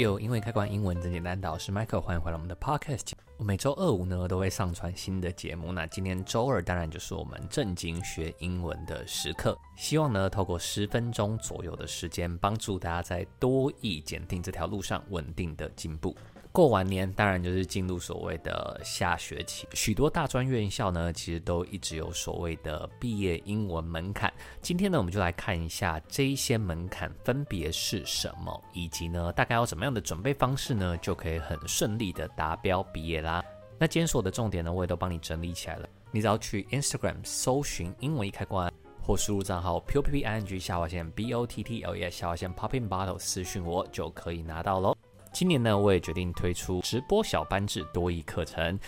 英文易開罐，英文真簡單，導師 Michael，歡迎回來我們的 Podcast。我每周二五呢都會上傳新的節目，那今天周二當然就是我們正經學英文的時刻。希望呢透過十分鐘左右的時間，幫助大家在多益檢定這條路上穩定的進步。過完年，當然就是進入所謂的下學期。許多大專院校呢，其實都一直有所謂的畢業英文門檻。今天呢，我們就來看一下這一些門檻分別是什麼，以及呢，大概要怎麼樣的準備方式呢，就可以很順利的達標畢業啦。那今天說的重點呢，我也都幫你整理起來了。你只要去 Instagram 搜尋英文易開罐，或輸入賬號 p o p p i n g 下劃線 b o t t l e s 下劃線 popping bottles 私訊我，就可以拿到嘍。今年呢，我也決定推出直播小班制多益課程，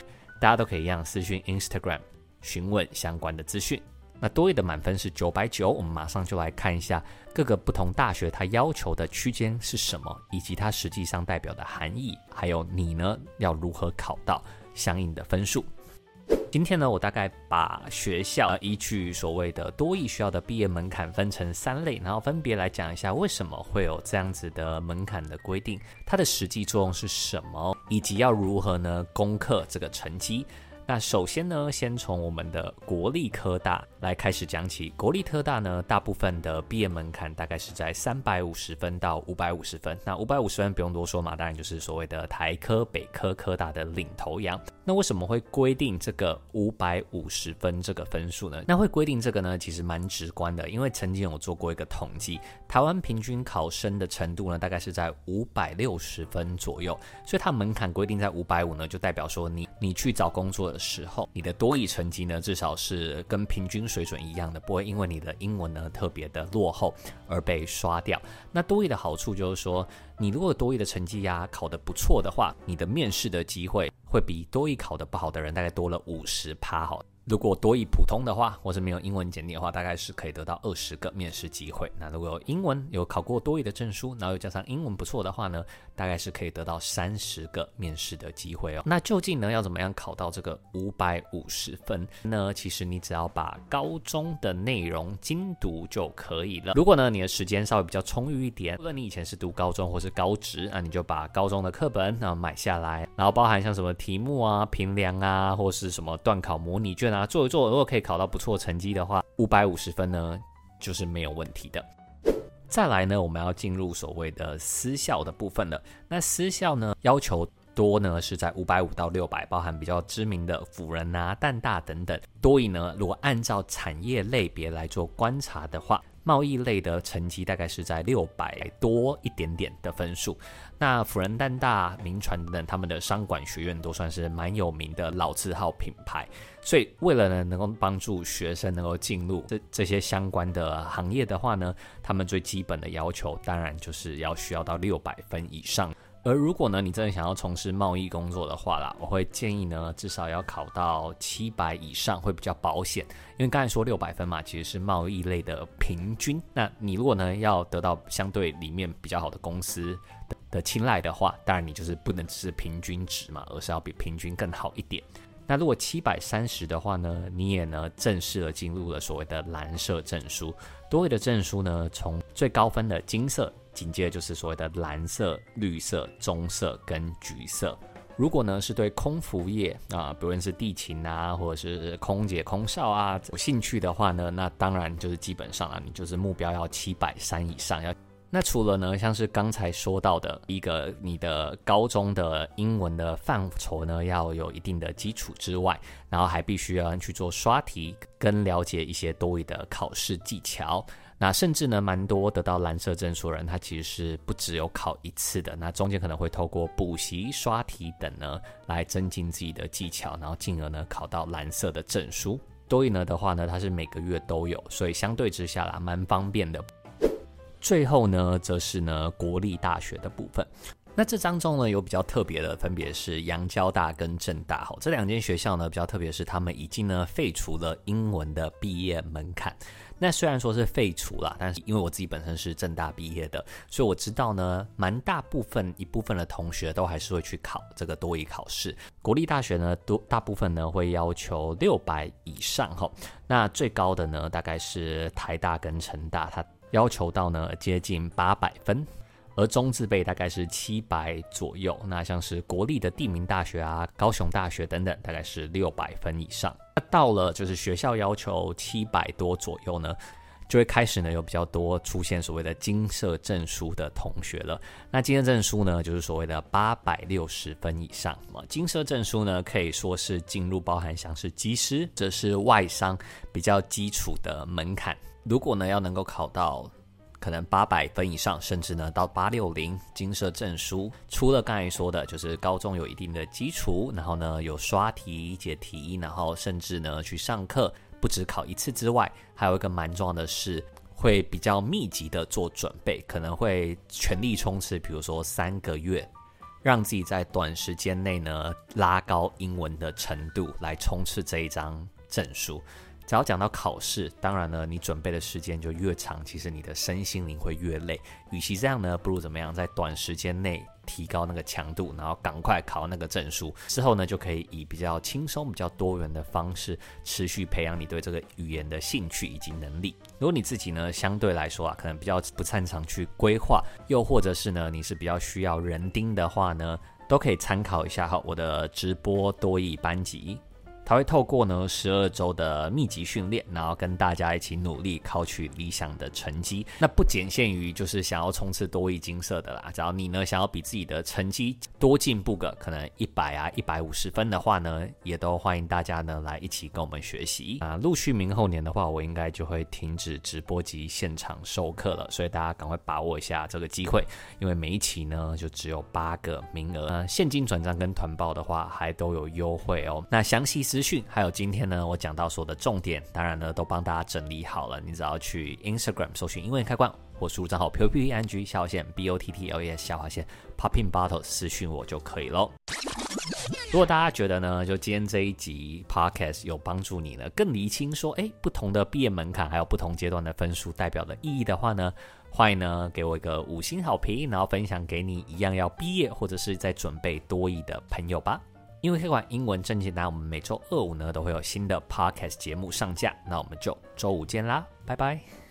大家都可以讓私訊 Instagram 詢問相關的資訊。那多益的滿分是九百九，我們馬上就來看一下各個不同大學它要求的區間是什麼，以及它實際上代表的含義，還有你呢要如何考到相應的分數。今天呢，我大概把學校、呃、依據所謂的多益學校的畢業門檻分成三類，然後分別來講一下為什麼會有這樣子的門檻的規定，它的實際作用是什麼，以及要如何呢攻克這個成績。那首先呢，先從我們的國立科大來開始講起。國立科大呢，大部分的畢業門檻大概是在三百五十分到五百五十分。那五百五十分不用多說嘛，當然就是所謂的台科、北科、科大的領頭羊。那為什麼會規定這個五百五十分這個分數呢？那會規定這個呢，其實蠻直觀的，因為曾經有做過一個統計，台灣平均考生的程度呢，大概是在五百六十分左右。所以它門檻規定在五百五呢，就代表說你你去找工作的時候。時候，你的多益成績呢，至少是跟平均水準一樣的，不會因為你的英文呢特別的落後而被刷掉。那多益的好處就是說，你如果多益的成績呀考得不錯的話，你的面試的機會會比多益考得不好的人大概多了五十趴。好，如果多益普通的話，或是沒有英文簡歷的話，大概是可以得到二十個面試機會。那如果有英文，有考過多益的證書，然後又加上英文不錯的話呢，大概是可以得到三十個面試的機會哦。那究竟呢要怎麼樣考到這個五百五十分呢？其實你只要把高中的內容精讀就可以了。如果呢你的時間稍微比較充裕一點，無論你以前是讀高中或是高職，那你就把高中的課本啊買下來，然後包含像什麼題目啊、評量啊，或是什麼段考模擬卷啊。做一做，如果可以考到不錯成績的話，五百五十分呢，就是沒有問題的。再來呢，我們要進入所謂的私校的部分了。那私校呢，要求多呢是在五百五到六百，包含比較知名的輔仁啊、淡大等等。多益呢，如果按照產業類別來做觀察的話，貿易類的成績大概是在六百多一點點的分數。那輔仁、淡大、銘傳等等，他們的商管學院都算是蠻有名的老字號品牌。所以，為了呢能夠幫助學生能夠進入這這些相關的行業的話呢，他們最基本的要求當然就是要需要到六百分以上。而如果呢，你真的想要從事貿易工作的話啦，我會建議呢，至少要考到七百以上會比較保險。因為剛才說六百分嘛，其實是貿易類的平均。那你如果呢要得到相對裡面比較好的公司的青睞的話，當然你就是不能只是平均值，嘛，而是要比平均更好一點。那如果七百三十的話呢，你也呢正式的進入了所謂的藍色證書。多益的證書呢，從最高分的金色。緊接着就是所謂的藍色、綠色、棕色跟橘色。如果呢是對空服業啊，不論是地勤啊，或者是空姐、空少啊有興趣的話呢，那當然就是基本上啊，你就是目標要七百三以上要。那除了呢，像是剛才說到的一個你的高中的英文的範疇呢，要有一定的基礎之外，然後還必須要去做刷題，跟了解一些多益的考試技巧。那甚至呢，蠻多得到藍色證書的人，他其實是不只有考一次的。那中間可能會透過補習、刷題等呢，來增進自己的技巧，然後進而呢考到藍色的證書。多益呢的話呢，它是每個月都有，所以相對之下啦，蠻方便的。最後呢，則是呢國立大學的部分。那這當中呢，有比較特別的，分別是陽交大跟政大哈，這兩間學校呢比較特別，是他們已經呢廢除了英文的畢業門檻。那雖然說是廢除了，但是因為我自己本身是政大畢業的，所以我知道呢，蠻大部分一部分的同學都還是會去考這個多益考試。國立大學呢多大部分呢會要求六百以上哈，那最高的呢大概是台大跟成大，它要求到呢接近八百分。而中字輩大概是七百左右，那像是國立的地名大學啊、高雄大學等等，大概是六百分以上。那到了就是學校要求七百多左右呢，就會開始呢有比較多出現所謂的金色證書的同學了。那金色證書呢，就是所謂的八百六十分以上。那麼金色證書呢，可以說是進入包含像是機師、這是外商比較基礎的門檻。如果呢要能夠考到。可能八百分以上，甚至呢到八六零金色證書。除了剛才說的，就是高中有一定的基礎，然後呢有刷題、解題，然後甚至呢去上課，不只考一次之外，還有一個蠻重要的是，會比較密集的做準備，可能會全力衝刺，比如說三個月，讓自己在短時間內呢拉高英文的程度，來衝刺這一張證書。只要講到考試，當然呢，你準備的時間就越長，其實你的身心靈會越累。與其這樣呢，不如怎麼樣，在短時間內提高那個強度，然後趕快考那個證書之後呢，就可以以比較輕鬆、比較多元的方式持續培養你對這個語言的興趣以及能力。如果你自己呢相對來說啊，可能比較不擅長去規劃，又或者是呢你是比較需要人盯的話呢，都可以參考一下哈，我的直播多益班級。還會透過呢十二週的密集訓練，然後跟大家一起努力考取理想的成績。那不僅限於就是想要衝刺多益金色的啦，只要你呢想要比自己的成績多進步個可能一百啊、一百五十分的話呢，也都歡迎大家呢來一起跟我們學習啊。陸續明後年的話，我應該就會停止直播及現場授課了，所以大家趕快把握一下這個機會，因為每一期呢就只有八個名額。現金轉賬跟團報的話，還都有優惠哦、喔。那詳細是。訊，還有今天呢，我講到說的重點，當然呢都幫大家整理好了，你只要去 Instagram 搜尋英文易開罐，或輸入賬號 popping 下劃線 bottles 下劃線 poppingbottle 私訊我就可以咯。如果大家覺得呢，就今天這一集 Podcast 有幫助你呢，更釐清說，哎，不同的畢業門檻，還有不同階段的分數代表的意義的話呢，歡迎呢給我一個五星好評，然後分享給你一樣要畢業或者是在準備多益的朋友吧。英文易開罐，英文真簡單，我們每週二五呢都會有新的 podcast 節目上架，那我們就週五見啦，拜拜。